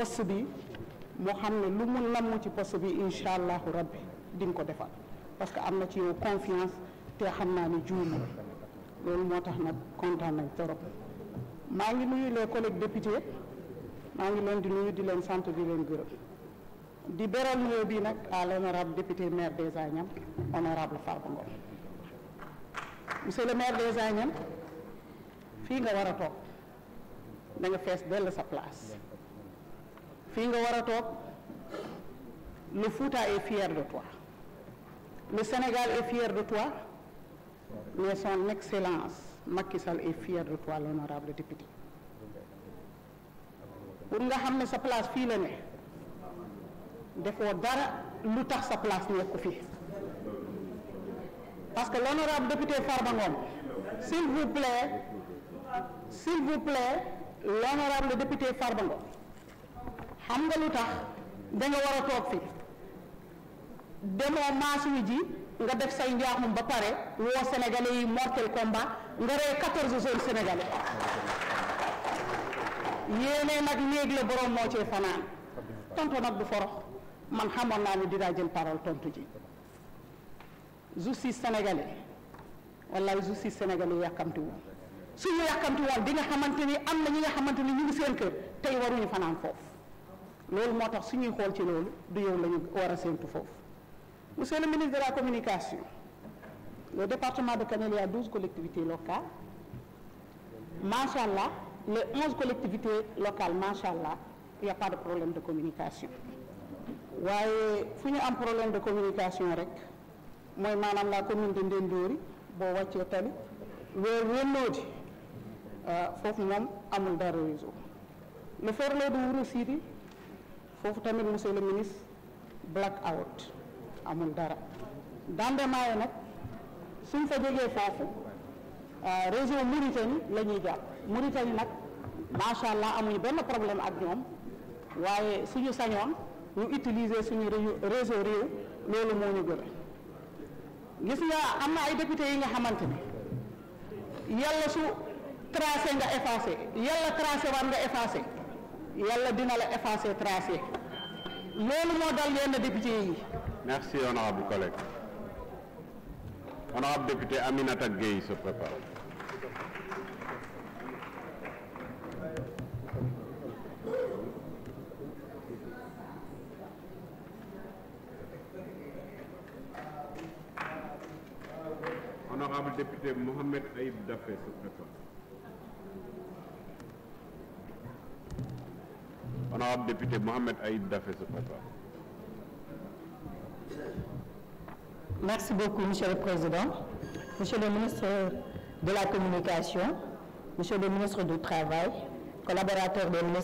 poste bi moo xam ne lu mu namm ci poste bi incha allahu rabbi di nga ko defal parce que am na ci yow confiance te xam naa ne juuma loolu moo tax nag kontaan nañ torop maa ngi nuyu les collègues maa ngi leen di nuyu di leen sant di leen gërëm di beral nuyoo bi nag à l'honorable député maire des Agnam honorable Farba Ngom monsieur le maire des Agnam fii nga war toog da fees dell sa place fii nga le Fouta est fier de toi le Sénégal est fier de toi mais son excellence Macky est fier de toi l'honorable député pour nga xam sa place fii la ne defoo dara lu tax sa place parce que l'honorable député Farba s'il vous plaît s'il vous plaît l'honorable député Farba xam nga lu tax danga war a toog fi demoo maasuwi ji nga def say njaaxum ba pare woo sénégalais yi mortel combat nga ree quatorze zones sénégalais yéene nag néeg la borom moo cee fanaan tontu nag du forox man xamoon naa ni dinaa jël parole tontu ji justice sénégalais wallaay justice sénégalais yàkkamti woon suñu yàkkamti woon di nga xamante ni am na ñi nga xamante ni ñu ngi seen kër tey waruñu fanaan foofu loolu moo tax suñuy xool ci loolu du yow lañu war a monsieur le ministre de la communication le département de Kanel a 12 collectivités locales macha les 11 collectivités locales macha il n'y a pas de problème de communication il y a am problème de communication rek mooy maanaam la commune de Ndendori boo wàccee tali weer suis euh, foofu moom amul dara réseau le forloo de foofu tamit monsieur le ministre black out amul dara Dande nag suñ fa jógee foofu euh, région Mauritanie la ñuy jàpp Mauritanie nag macha allah amuñu benn problème ak ñoom waaye suñu sañoon ñu utiliser suñu réseau réew loolu moo ñu gën gis nga am na ay député yi nga xamante ni yàlla su tracé nga effacé yàlla tracé war nga effacé yàlla dina la merci honorable collègue. honorable député Aminata Gueye se prépare. honorable député Mohamed Aïb Daffé se prépare. Honorable député Mohamed Aïd Dafé ce Merci beaucoup, Monsieur le Président. Monsieur le ministre de la Communication, Monsieur le ministre du Travail, collaborateur de ministres